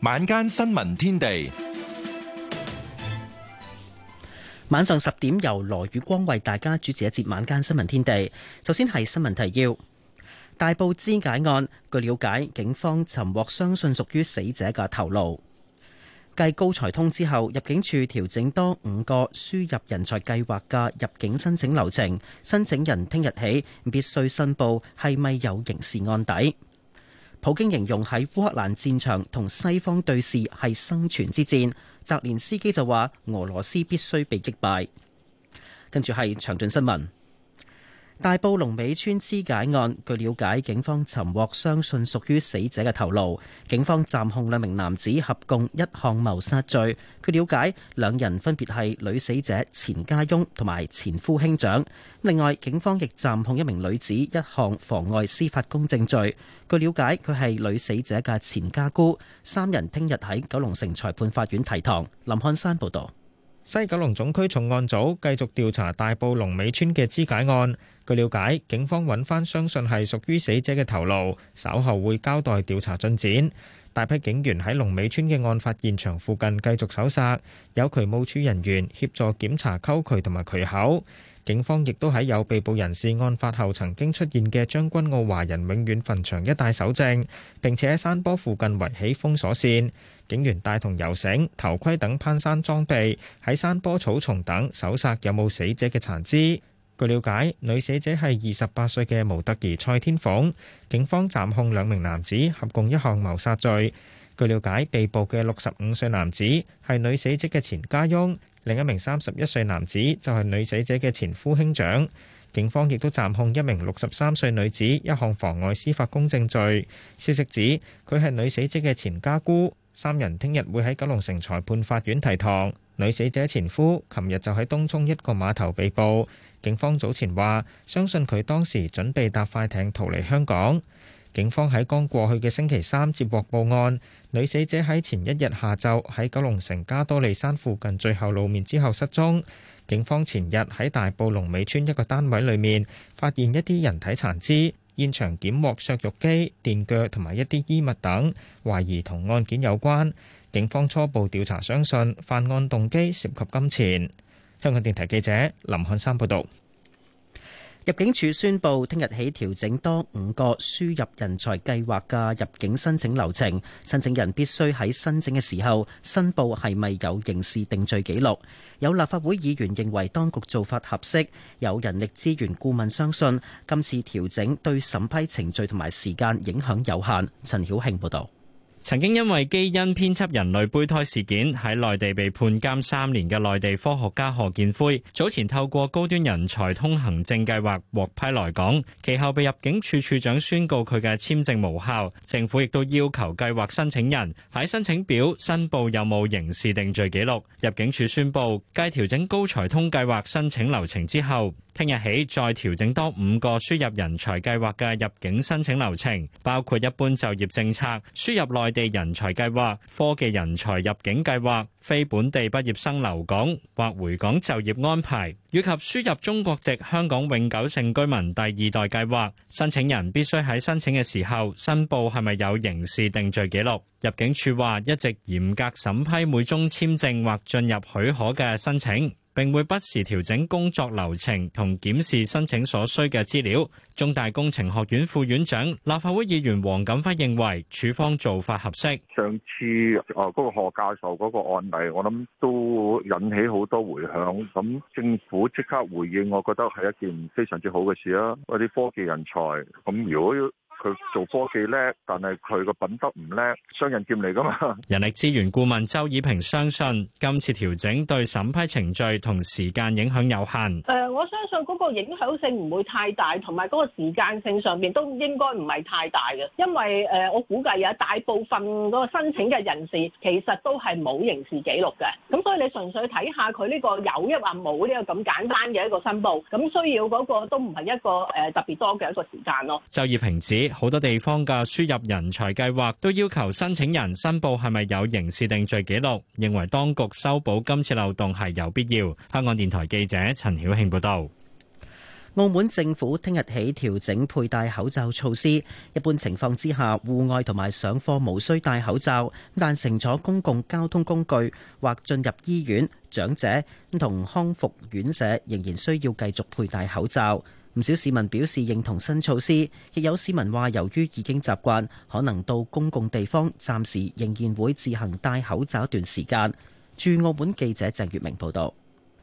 晚間新聞天地，晚上十點由羅宇光為大家主持一節晚間新聞天地。首先係新聞提要：大埔肢解案，據了解警方尋獲相信屬於死者嘅頭顱。繼高才通知後，入境處調整多五個輸入人才計劃嘅入境申請流程，申請人聽日起必須申報係咪有刑事案底。普京形容喺烏克蘭戰場同西方對峙係生存之戰。澤連斯基就話俄羅斯必須被擊敗。跟住係詳盡新聞。大埔龍尾村肢解案，據了解，警方尋獲相信屬於死者嘅頭顱。警方暫控兩名男子合共一項謀殺罪。據了解，兩人分別係女死者前家翁同埋前夫兄長。另外，警方亦暫控一名女子一項妨礙司法公正罪。據了解，佢係女死者嘅前家姑。三人聽日喺九龍城裁判法院提堂。林漢山報導。西九龍總區重案組繼續調查大埔龍尾村嘅肢解案。據了解，警方揾翻相信係屬於死者嘅頭顱，稍後會交代調查進展。大批警員喺龍尾村嘅案發現場附近繼續搜查，有渠務處人員協助檢查溝渠同埋渠口。警方亦都喺有被捕人士案發後曾經出現嘅將軍澳華人永遠墳場一帶搜證，並且喺山坡附近圍起封鎖線。警員帶同游繩、頭盔等攀山裝備喺山坡草叢等搜查有冇死者嘅殘肢。據了解，女死者係二十八歲嘅模特兒蔡天鳳，警方暫控兩名男子合共一項謀殺罪。據了解，被捕嘅六十五歲男子係女死者嘅前家翁，另一名三十一歲男子就係女死者嘅前夫兄長。警方亦都暫控一名六十三歲女子一項妨礙司法公正罪。消息指，佢係女死者嘅前家姑。三人聽日會喺九龍城裁判法院提堂。女死者前夫琴日就喺東涌一個碼頭被捕。警方早前話，相信佢當時準備搭快艇逃離香港。警方喺剛過去嘅星期三接獲報案，女死者喺前一日下晝喺九龍城加多利山附近最後露面之後失蹤。警方前日喺大埔龍尾村一個單位裏面發現一啲人體殘肢，現場檢獲削肉機、電鋸同埋一啲衣物等，懷疑同案件有關。警方初步調查，相信犯案動機涉及金錢。香港電台記者林漢山報道，入境處宣布聽日起調整多五個輸入人才計劃嘅入境申請流程，申請人必須喺申請嘅時候申報係咪有刑事定罪記錄。有立法會議員認為當局做法合適，有人力資源顧問相信今次調整對審批程序同埋時間影響有限。陳曉慶報道。曾經因為基因編輯人類胚胎事件喺內地被判監三年嘅內地科學家何建輝，早前透過高端人才通行證計劃獲批來港，其後被入境處處長宣告佢嘅簽證無效，政府亦都要求計劃申請人喺申請表申報有冇刑事定罪記錄。入境處宣布，繼調整高才通計劃申請流程之後，聽日起，再調整多五個輸入人才計劃嘅入境申請流程，包括一般就業政策、輸入內地人才計劃、科技人才入境計劃、非本地畢業生留港或回港就業安排，以及輸入中國籍香港永久性居民第二代計劃。申請人必須喺申請嘅時候申報係咪有刑事定罪記錄。入境處話一直嚴格審批每宗簽證或進入許可嘅申請。並會不時調整工作流程同檢視申請所需嘅資料。中大工程學院副院長、立法會議員黃錦輝認為，處方做法合適。上次嗰個何教授嗰個案例，我諗都引起好多回響。咁政府即刻回應，我覺得係一件非常之好嘅事啦。嗰啲科技人才，咁如果要。佢做科技叻，但係佢個品德唔叻，雙刃劍嚟噶嘛？人力資源顧問周以平相信，今次調整對審批程序同時間影響有限。誒，我相信嗰個影響性唔會太大，同埋嗰個時間性上面都應該唔係太大嘅，因為誒我估計有大部分嗰個申請嘅人士其實都係冇刑事記錄嘅，咁所以你純粹睇下佢呢個有一話冇，呢個咁簡單嘅一個申報，咁需要嗰個都唔係一個誒特別多嘅一個時間咯。周以平指。好多地方嘅輸入人才計劃都要求申請人申報係咪有刑事定罪記錄，認為當局修補今次漏洞係有必要。香港電台記者陳曉慶報道。澳門政府聽日起調整佩戴口罩措施，一般情況之下戶外同埋上課無需戴口罩，但乘坐公共交通工具或進入醫院、長者同康復院舍仍然需要繼續佩戴口罩。唔少市民表示認同新措施，亦有市民話由於已經習慣，可能到公共地方，暫時仍然會自行戴口罩一段時間。駐澳門記者鄭月明報道。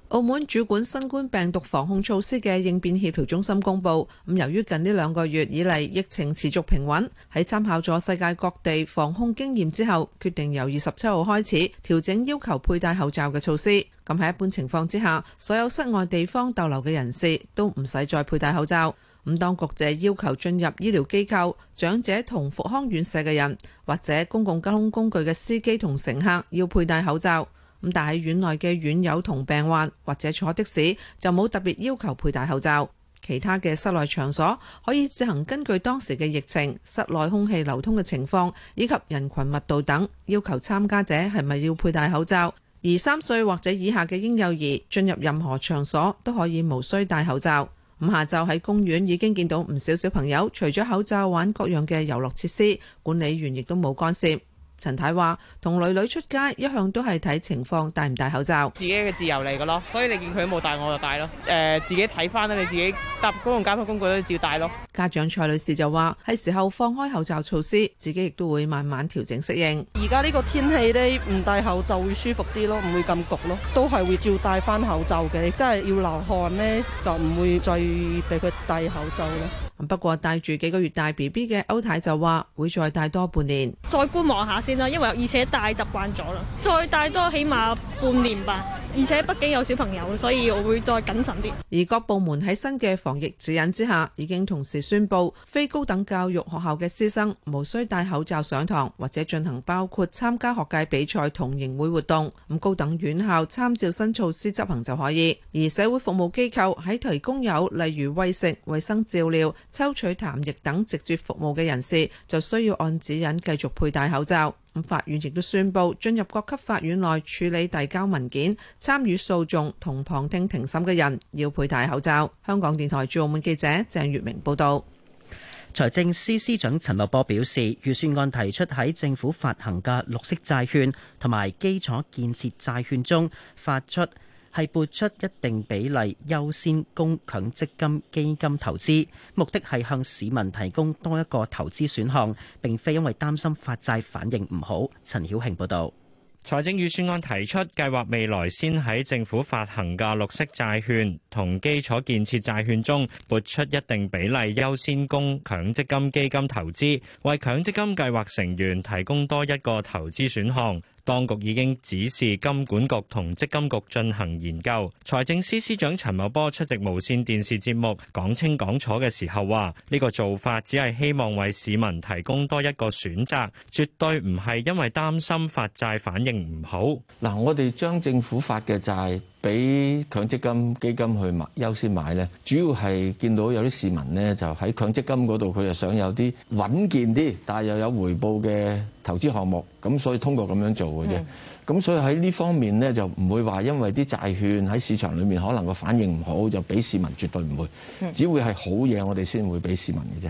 澳門主管新冠病毒防控措施嘅應變協調中心公布，咁由於近呢兩個月以嚟疫情持續平穩，喺參考咗世界各地防控經驗之後，決定由二十七號開始調整要求佩戴口罩嘅措施。咁喺一般情況之下，所有室外地方逗留嘅人士都唔使再佩戴口罩。咁當局只係要求進入醫療機構、長者同復康院舍嘅人，或者公共交通工具嘅司機同乘客要佩戴口罩。咁但喺院內嘅院友同病患或者坐的士就冇特別要求佩戴口罩，其他嘅室內場所可以自行根據當時嘅疫情、室內空氣流通嘅情況以及人群密度等，要求參加者係咪要佩戴口罩。而三歲或者以下嘅嬰幼兒進入任何場所都可以無需戴口罩。咁下晝喺公園已經見到唔少小朋友除咗口罩玩各樣嘅遊樂設施，管理員亦都冇干涉。陳太話：同女女出街一向都係睇情況戴唔戴口罩，自己嘅自由嚟噶咯。所以你見佢冇戴，我就戴咯。誒、呃，自己睇翻啦，你自己搭公共交通工具都要照戴咯。家長蔡女士就話：係時候放開口罩措施，自己亦都會慢慢調整適應。而家呢個天氣咧，唔戴口罩會舒服啲咯，唔會咁焗咯。都係會照戴翻口罩嘅，真係要流汗咧，就唔會再俾佢戴口罩咯。不過帶住幾個月大 B B 嘅歐太就話，會再帶多半年，再觀望下先啦。因為而且帶習慣咗啦，再帶多起碼半年吧。而且畢竟有小朋友，所以我會再謹慎啲。而各部門喺新嘅防疫指引之下，已經同時宣布，非高等教育學校嘅師生無需戴口罩上堂或者進行包括參加學界比賽同營會活動。咁高等院校參照新措施執行就可以。而社會服務機構喺提供有例如餵食、衛生照料、抽取痰液等直接服務嘅人士，就需要按指引繼續佩戴口罩。法院亦都宣布，進入各級法院內處理遞交文件、參與訴訟同旁聽庭審嘅人要佩戴口罩。香港電台駐澳門記者鄭月明報道。財政司司長陳茂波表示，預算案提出喺政府發行嘅綠色債券同埋基礎建設債券中發出。係撥出一定比例優先供強積金基金投資，目的係向市民提供多一個投資選項，並非因為擔心發債反應唔好。陳曉慶報導，財政預算案提出計劃，未來先喺政府發行嘅綠色債券同基礎建設債券中撥出一定比例優先供強積金基金投資，為強積金計劃成員提供多一個投資選項。當局已經指示金管局同積金局進行研究。財政司司長陳茂波出席無線電視節目《講清講楚》嘅時候話：呢個做法只係希望為市民提供多一個選擇，絕對唔係因為擔心發債反應唔好。嗱，我哋將政府發嘅債。俾強積金基金去買，優先買呢，主要係見到有啲市民呢就喺強積金嗰度，佢就想有啲穩健啲，但係又有回報嘅投資項目，咁所以通過咁樣做嘅啫。咁所以喺呢方面呢，就唔會話因為啲債券喺市場裏面可能個反應唔好，就俾市民絕對唔會，只會係好嘢我哋先會俾市民嘅啫。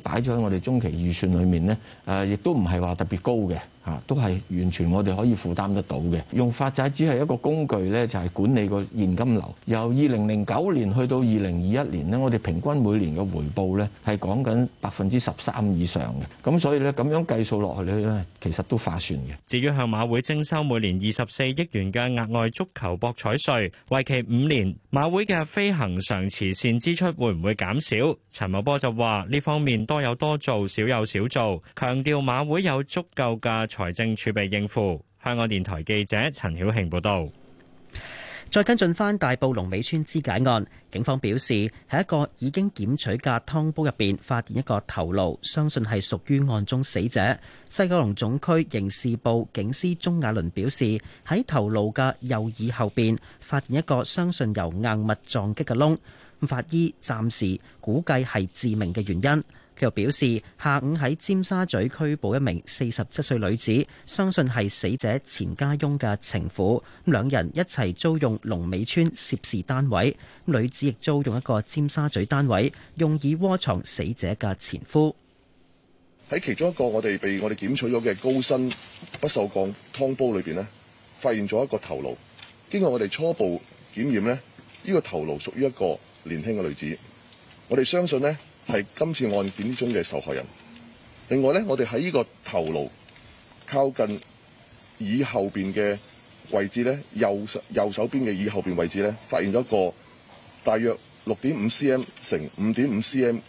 擺咗喺我哋中期預算裏面咧，誒，亦都唔係話特別高嘅。都係完全我哋可以負擔得到嘅。用發債只係一個工具呢，就係管理個現金流。由二零零九年去到二零二一年呢，我哋平均每年嘅回報呢係講緊百分之十三以上嘅。咁所以呢，咁樣計數落去呢，其實都化算嘅。至於向馬會徵收每年二十四億元嘅額外足球博彩稅，為期五年，馬會嘅非恆常慈善支出會唔會減少？陳茂波就話呢方面多有多做，少有少做，強調馬會有足夠嘅。財政儲備應付。香港電台記者陳曉慶報道。再跟進返大埔龍尾村肢解案，警方表示喺一個已經檢取嘅湯煲入邊發現一個頭顱，相信係屬於案中死者。西九龍總區刑事部警司鍾雅倫表示，喺頭顱嘅右耳後邊發現一個相信由硬物撞擊嘅窿，法醫暫時估計係致命嘅原因。佢又表示，下午喺尖沙咀拘捕一名四十七歲女子，相信係死者前家翁嘅情婦。兩人一齊租用龍尾村涉事單位，女子亦租用一個尖沙咀單位，用以窩藏死者嘅前夫。喺其中一個我哋被我哋檢取咗嘅高身不銹鋼湯煲裏邊呢，發現咗一個頭顱。經過我哋初步檢驗咧，呢、這個頭顱屬於一個年輕嘅女子。我哋相信咧。係今次案件中嘅受害人。另外咧，我哋喺呢個頭顱靠近耳後邊嘅位置咧，右手右手邊嘅耳後邊位置咧，發現咗一個大約六點五 cm 乘五點五 cm，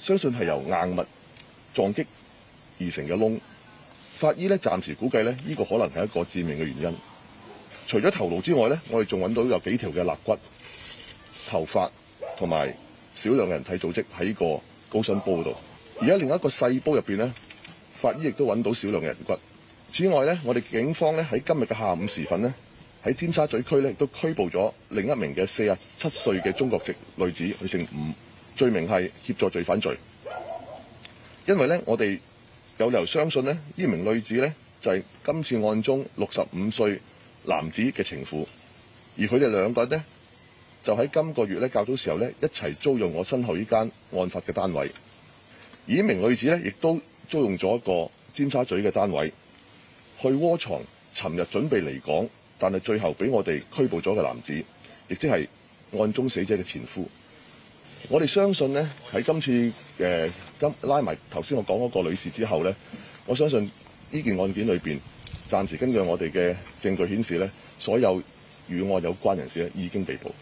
相信係由硬物撞擊而成嘅窿。法醫咧暫時估計咧，呢個可能係一個致命嘅原因。除咗頭顱之外咧，我哋仲揾到有幾條嘅肋骨、頭髮同埋。少量嘅人體組織喺個高身煲度，而家另一個細煲入面呢，法醫亦都揾到少量嘅人骨。此外呢，我哋警方呢，喺今日嘅下午時分呢，喺尖沙咀區呢，都拘捕咗另一名嘅四十七歲嘅中國籍女子，佢姓伍，罪名係協助罪犯罪。因為呢，我哋有理由相信呢，呢名女子呢，就係、是、今次案中六十五歲男子嘅情婦，而佢哋兩個人呢。就喺今個月咧，較早時候咧一齊租用我身後呢間案發嘅單位。而呢名女子咧，亦都租用咗一個尖沙咀嘅單位去窩藏尋日準備離港，但係最後俾我哋拘捕咗嘅男子，亦即係案中死者嘅前夫。我哋相信咧，喺今次誒、今、呃、拉埋頭先，我講嗰個女士之後咧，我相信呢件案件裏邊暫時根據我哋嘅證據顯示咧，所有與案有關人士咧已經被捕。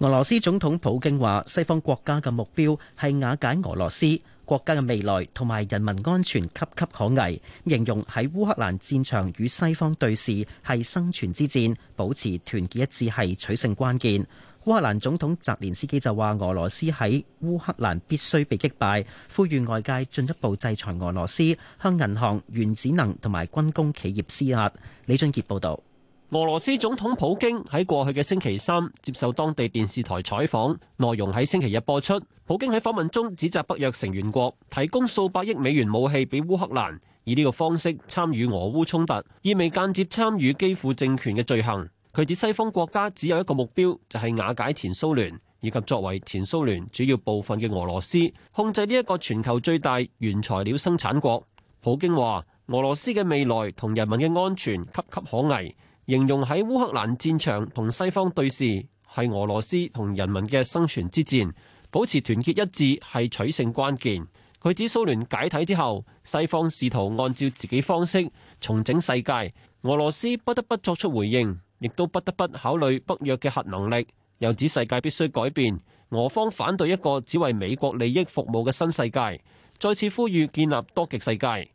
俄羅斯總統普京話：西方國家嘅目標係瓦解俄羅斯國家嘅未來同埋人民安全岌岌可危。形容喺烏克蘭戰場與西方對峙係生存之戰，保持團結一致係取勝關鍵。烏克蘭總統澤連斯基就話：俄羅斯喺烏克蘭必須被擊敗，呼籲外界進一步制裁俄羅斯，向銀行、原子能同埋軍工企業施壓。李俊杰報道。俄羅斯總統普京喺過去嘅星期三接受當地電視台採訪，內容喺星期日播出。普京喺訪問中指責北約成員國提供數百億美元武器俾烏克蘭，以呢個方式參與俄烏衝突，意味間接參與基輔政權嘅罪行。佢指西方國家只有一個目標，就係瓦解前蘇聯以及作為前蘇聯主要部分嘅俄羅斯控制呢一個全球最大原材料生產國。普京話：俄羅斯嘅未來同人民嘅安全岌岌可危。形容喺烏克蘭戰場同西方對峙，係俄羅斯同人民嘅生存之戰，保持團結一致係取勝關鍵。佢指蘇聯解體之後，西方試圖按照自己方式重整世界，俄羅斯不得不作出回應，亦都不得不考慮北約嘅核能力。又指世界必須改變，俄方反對一個只為美國利益服務嘅新世界，再次呼籲建立多極世界。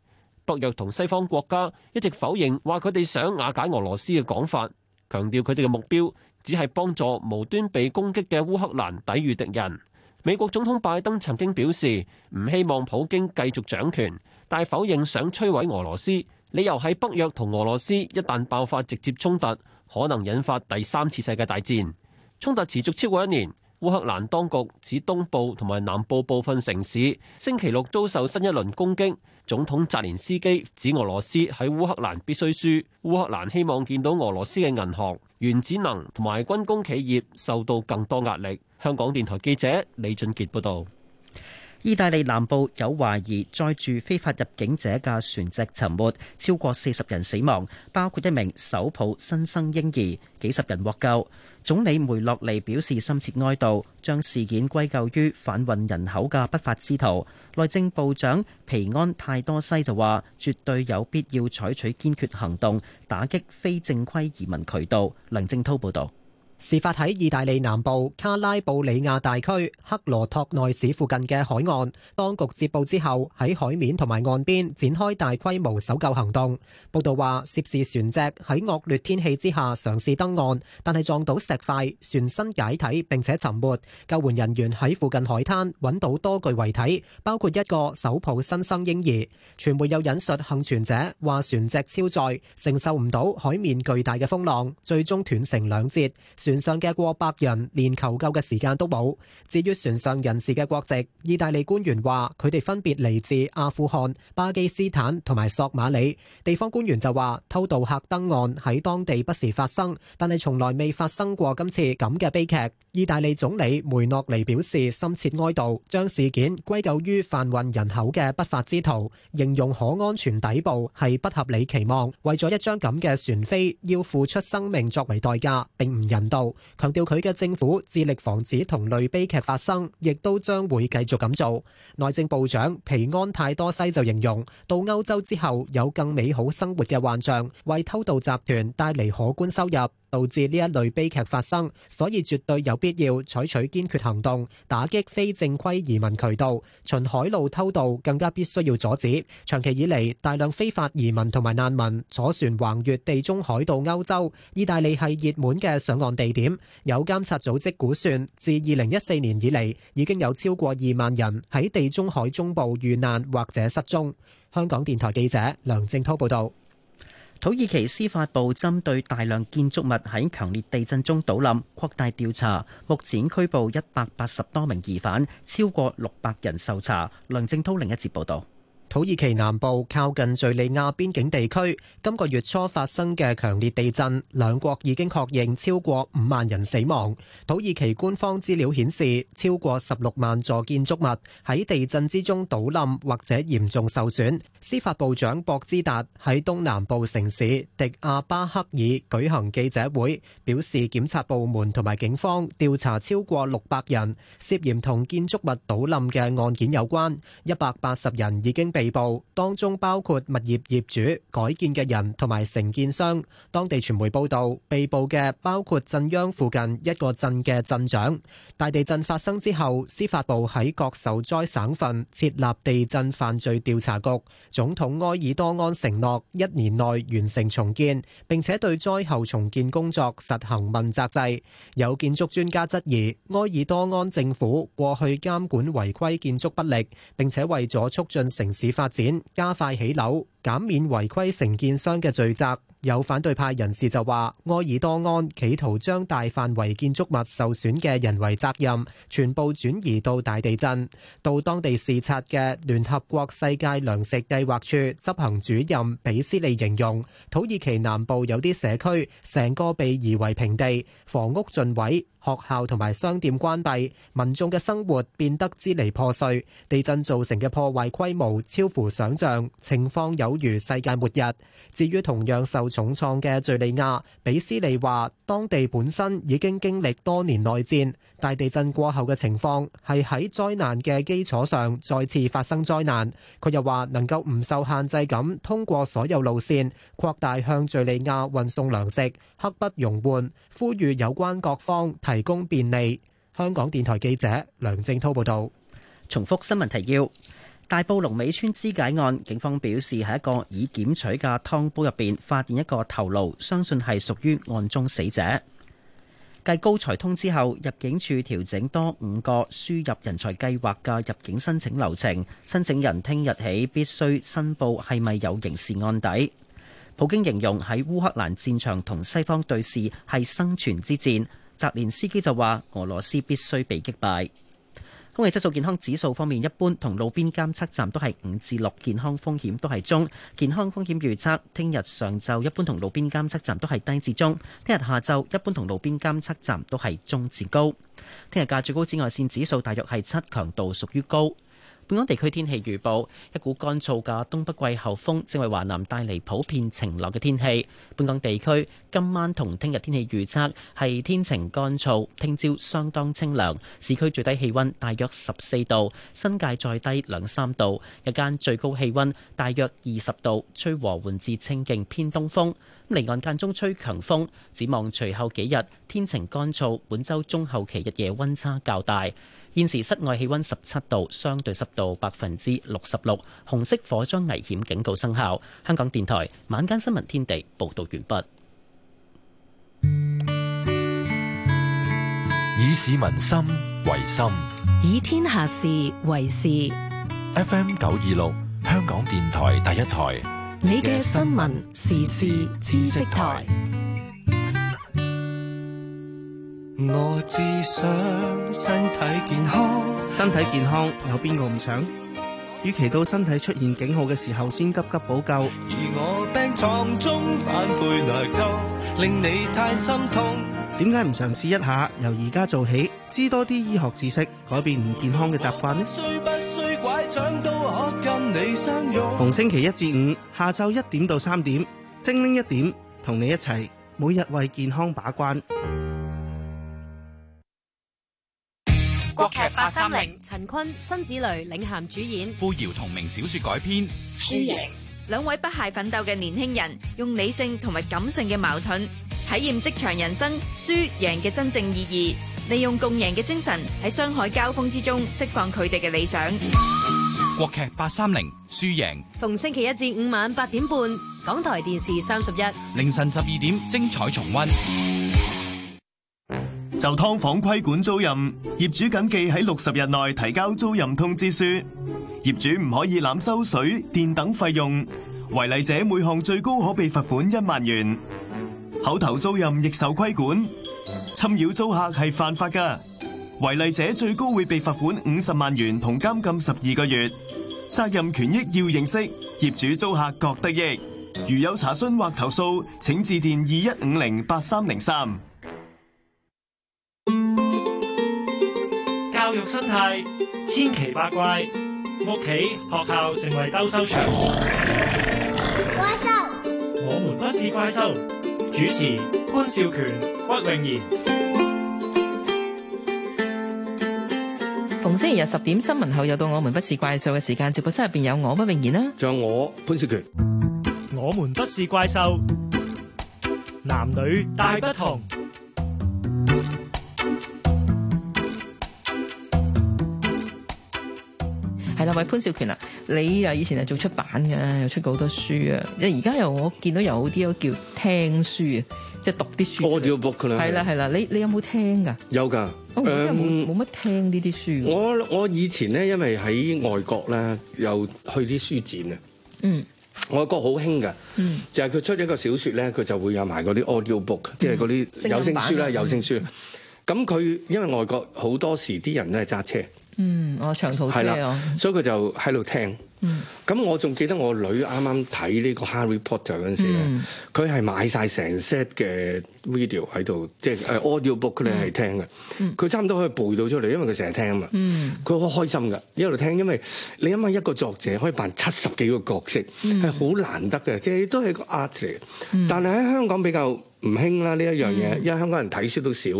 北約同西方國家一直否認話佢哋想瓦解俄羅斯嘅講法，強調佢哋嘅目標只係幫助無端被攻擊嘅烏克蘭抵御敵人。美國總統拜登曾經表示唔希望普京繼續掌權，但否認想摧毀俄羅斯，理由係北約同俄羅斯一旦爆發直接衝突，可能引發第三次世界大戰。衝突持續超過一年。烏克蘭當局指東部同埋南部部分城市星期六遭受新一輪攻擊。總統澤連斯基指俄羅斯喺烏克蘭必須輸。烏克蘭希望見到俄羅斯嘅銀行、原子能同埋軍工企業受到更多壓力。香港電台記者李俊杰報道。意大利南部有懷疑載住非法入境者嘅船隻沉沒，超過四十人死亡，包括一名手抱新生嬰兒，幾十人獲救。總理梅洛尼表示深切哀悼，將事件歸咎於販運人口嘅不法之徒。內政部長皮安泰多西就話，絕對有必要採取堅決行動打擊非正規移民渠道。梁靜濤報道。事發喺意大利南部卡拉布里亞大區克羅托內市附近嘅海岸，當局接報之後喺海面同埋岸邊展開大規模搜救行動。報道話涉事船隻喺惡劣天氣之下嘗試登岸，但係撞到石塊，船身解體並且沉沒。救援人員喺附近海灘揾到多具遺體，包括一個手抱新生嬰兒。傳媒有引述幸存者話：船隻超載，承受唔到海面巨大嘅風浪，最終斷成兩截。船船上嘅過百人連求救嘅時間都冇。至於船上人士嘅國籍，意大利官員話佢哋分別嚟自阿富汗、巴基斯坦同埋索馬里。地方官員就話偷渡客登岸喺當地不時發生，但係從來未發生過今次咁嘅悲劇。意大利總理梅諾尼表示深切哀悼，將事件歸咎於販運人口嘅不法之徒，形容可安全抵步係不合理期望。為咗一張咁嘅船飛，要付出生命作為代價，並唔人道。強調佢嘅政府致力防止同類悲劇發生，亦都將會繼續咁做。內政部長皮安泰多西就形容，到歐洲之後有更美好生活嘅幻象，為偷渡集團帶嚟可觀收入。導致呢一類悲劇發生，所以絕對有必要採取堅決行動，打擊非正規移民渠道，循海路偷渡更加必須要阻止。長期以嚟，大量非法移民同埋難民坐船橫越地中海到歐洲，意大利係熱門嘅上岸地點。有監察組織估算，自二零一四年以嚟，已經有超過二萬人喺地中海中部遇難或者失蹤。香港電台記者梁正滔報道。土耳其司法部針對大量建築物喺強烈地震中倒冧，擴大調查，目前拘捕一百八十多名疑犯，超過六百人受查。梁正濤另一節報道。土耳其南部靠近敘利亞邊境地區，今個月初發生嘅強烈地震，兩國已經確認超過五萬人死亡。土耳其官方資料顯示，超過十六萬座建築物喺地震之中倒冧或者嚴重受損。司法部長博茲達喺東南部城市迪亞巴克爾舉行記者會，表示檢察部門同埋警方調查超過六百人涉嫌同建築物倒冧嘅案件有關，一百八十人已經被。被捕當中包括物業業主、改建嘅人同埋承建商。當地傳媒報道，被捕嘅包括鎮央附近一個鎮嘅鎮長。大地震發生之後，司法部喺各受災省份設立地震犯罪調查局。總統埃爾多安承諾一年內完成重建，並且對災後重建工作實行問責制。有建築專家質疑，埃爾多安政府過去監管違規建築不力，並且為咗促進城市發展加快起樓，減免違規承建商嘅罪責。有反對派人士就話，埃爾多安企圖將大範圍建築物受損嘅人為責任全部轉移到大地震。到當地視察嘅聯合國世界糧食計劃處執行主任比斯利形容，土耳其南部有啲社區成個被夷為平地，房屋盡毀。學校同埋商店關閉，民眾嘅生活變得支離破碎。地震造成嘅破壞規模超乎想象，情況有如世界末日。至於同樣受重創嘅敘利亞，比斯利話當地本身已經經歷多年內戰。大地震過後嘅情況係喺災難嘅基礎上再次發生災難。佢又話能夠唔受限制咁通過所有路線擴大向敘利亞運送糧食，刻不容緩，呼籲有關各方提供便利。香港電台記者梁正濤報道。重複新聞提要：大埔龍尾村肢解案，警方表示喺一個已檢取嘅湯煲入邊發現一個頭顱，相信係屬於案中死者。繼高才通之後，入境處調整多五個輸入人才計劃嘅入境申請流程，申請人聽日起必須申報係咪有刑事案底。普京形容喺烏克蘭戰場同西方對峙係生存之戰，澤連斯基就話俄羅斯必須被擊敗。空氣質素健康指數方面，一般同路邊監測站都係五至六，健康風險都係中。健康風險預測，聽日上晝一般同路邊監測站都係低至中，聽日下晝一般同路邊監測站都係中至高。聽日嘅最高紫外線指數大約係七，強度屬於高。本港地區天氣預報：一股乾燥嘅東北季候風正為華南帶嚟普遍晴朗嘅天氣。本港地區今晚同聽日天氣預測係天晴乾燥，聽朝相當清涼。市區最低氣溫大約十四度，新界再低兩三度。日間最高氣溫大約二十度，吹和緩至清勁偏東風。咁離岸間中吹強風。展望隨後幾日天晴乾燥，本周中後期日夜溫差較大。現時室外氣溫十七度，相對濕度百分之六十六，紅色火災危險警告生效。香港電台晚間新聞天地報道完畢。以市民心為心，以天下事為事。FM 九二六，香港電台第一台，你嘅新聞時事知識台。我只想身體健康，身體健康有邊個唔想？與其到身體出現警號嘅時候先急急補救，而我病床中反悔內疚，令你太心痛。點解唔嘗試一下？由而家做起，知多啲醫學知識，改變唔健康嘅習慣呢？逢星期一至五下晝一點到三點，精靈一點同你一齊，每日為健康把關。國劇八三零，陳坤、辛芷蕾領銜主演，傅瑤同名小說改編《輸贏》，兩位不懈奮鬥嘅年輕人，用理性同埋感性嘅矛盾，體驗職場人生輸贏嘅真正意義，利用共贏嘅精神喺商海交鋒之中釋放佢哋嘅理想。國劇八三零《輸贏》，逢星期一至五晚八點半，港台電視三十一，凌晨十二點精彩重溫。就劏房規管租賃，業主緊記喺六十日內提交租賃通知書。業主唔可以濫收水電等費用，違例者每項最高可被罰款一萬元。口頭租賃亦受規管，侵擾租客係犯法噶，違例者最高會被罰款五十萬元同監禁十二個月。責任權益要認識，業主租客各得益。如有查詢或投訴，請致電二一五零八三零三。生態千奇百怪，屋企學校成為鬥獸場。怪獸，我們不是怪獸。主持潘少權、屈穎賢。逢星期日十點新聞後，又到我們不是怪獸嘅時間。直播室入邊有我屈穎賢啦，仲有我潘少權。我們不是怪獸，男女大不同。潘少權啊，你啊以前係做出版嘅，又出過好多書啊。即係而家又我見到有啲叫聽書啊，即、就、係、是、讀啲書。audio book 啦。係啦係啦，你你有冇聽㗎？有㗎、哦。我冇乜、嗯、聽呢啲書。我我以前咧，因為喺外國咧，又去啲書展啊。嗯。外國好興㗎。就係、是、佢出咗一個小説咧，佢就會有埋嗰啲 audio book，即係嗰啲有聲書啦、嗯，有聲書。咁 佢因為外國好多時啲人都係揸車，嗯，我、哦、長途車啊，所以佢就喺度聽。咁、嗯、我仲記得我女啱啱睇呢個《Harry Potter》嗰陣時咧，佢係買晒成 set 嘅 video 喺度，即係 audio book 咧係聽嘅。佢、嗯嗯、差唔多可以背到出嚟，因為佢成日聽啊嘛。佢、嗯、好開心嘅，一路聽，因為你諗下一個作者可以扮七十幾個角色，係、嗯、好難得嘅，即係都係個 art 嚟、嗯。但係喺香港比較唔興啦呢一樣嘢，因為香港人睇書都少。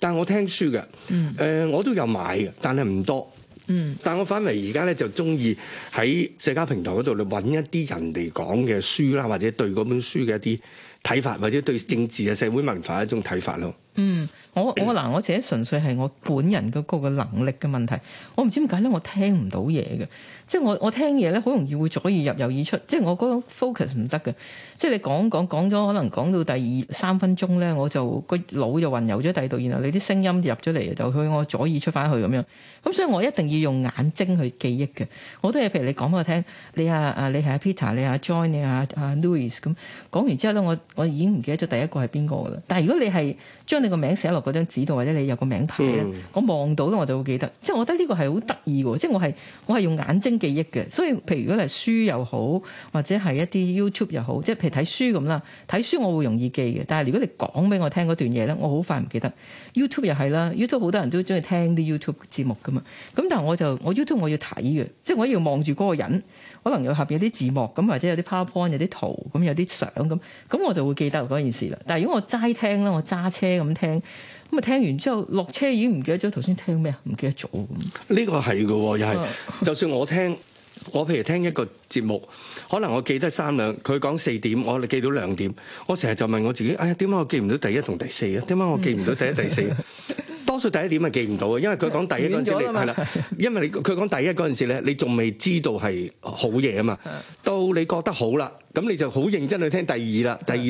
但我聽書嘅，誒、嗯呃、我都有買嘅，但係唔多。嗯、但係我反為而家咧就鍾意喺社交平台嗰度嚟搵一啲人哋講嘅書啦，或者對嗰本書嘅一啲睇法或者對政治啊、社會文化一種睇法咯。嗯，我我嗱，我自己純粹係我本人嗰個嘅能力嘅問題。我唔知點解咧，我聽唔到嘢嘅。即係我我聽嘢咧，好容易會左耳入右耳出。即係我嗰 focus 唔得嘅。即係你講講講咗，可能講到第二三分鐘咧，我就個腦就混遊咗第二度，然後你啲聲音入咗嚟就去我左耳出翻去咁樣。咁所以我一定要用眼睛去記憶嘅。好多嘢譬如你講俾我聽，你啊啊，你係阿、啊、Peter，你係 John 你啊啊 Louis 咁講完之後咧，我。我已經唔記得咗第一個係邊個噶啦，但係如果你係將你個名寫落嗰張紙度，或者你有個名牌、嗯、我望到咧，我就會記得。即係我覺得呢個係好得意喎，即係我係我係用眼睛記憶嘅。所以譬如如果你係書又好，或者係一啲 YouTube 又好，即係譬如睇書咁啦，睇書我會容易記嘅。但係如果你講俾我聽嗰段嘢咧，我好快唔記得。YouTube 又係啦，YouTube 好多人都中意聽啲 YouTube 節目噶嘛。咁但係我就我 YouTube 我要睇嘅，即係我要望住嗰個人，可能有下邊有啲字幕咁，或者有啲 PowerPoint 有啲圖咁，有啲相咁，咁我就會會記得嗰件事啦，但係如果我齋聽啦，我揸車咁聽，咁啊聽完之後落車已經唔記得咗頭先聽咩啊，唔記得咗咁。呢個係嘅，又係就算我聽，我譬如聽一個節目，可能我記得三兩，佢講四點，我哋記到兩點。我成日就問我自己，哎呀點解我記唔到第一同第四啊？點解我記唔到第一第四？多數第一點係記唔到啊，因為佢講第一嗰陣時係啦，因為你佢講第一嗰陣時咧，你仲未知道係好嘢啊嘛，到你覺得好啦，咁你就好認真去聽第二啦，第二。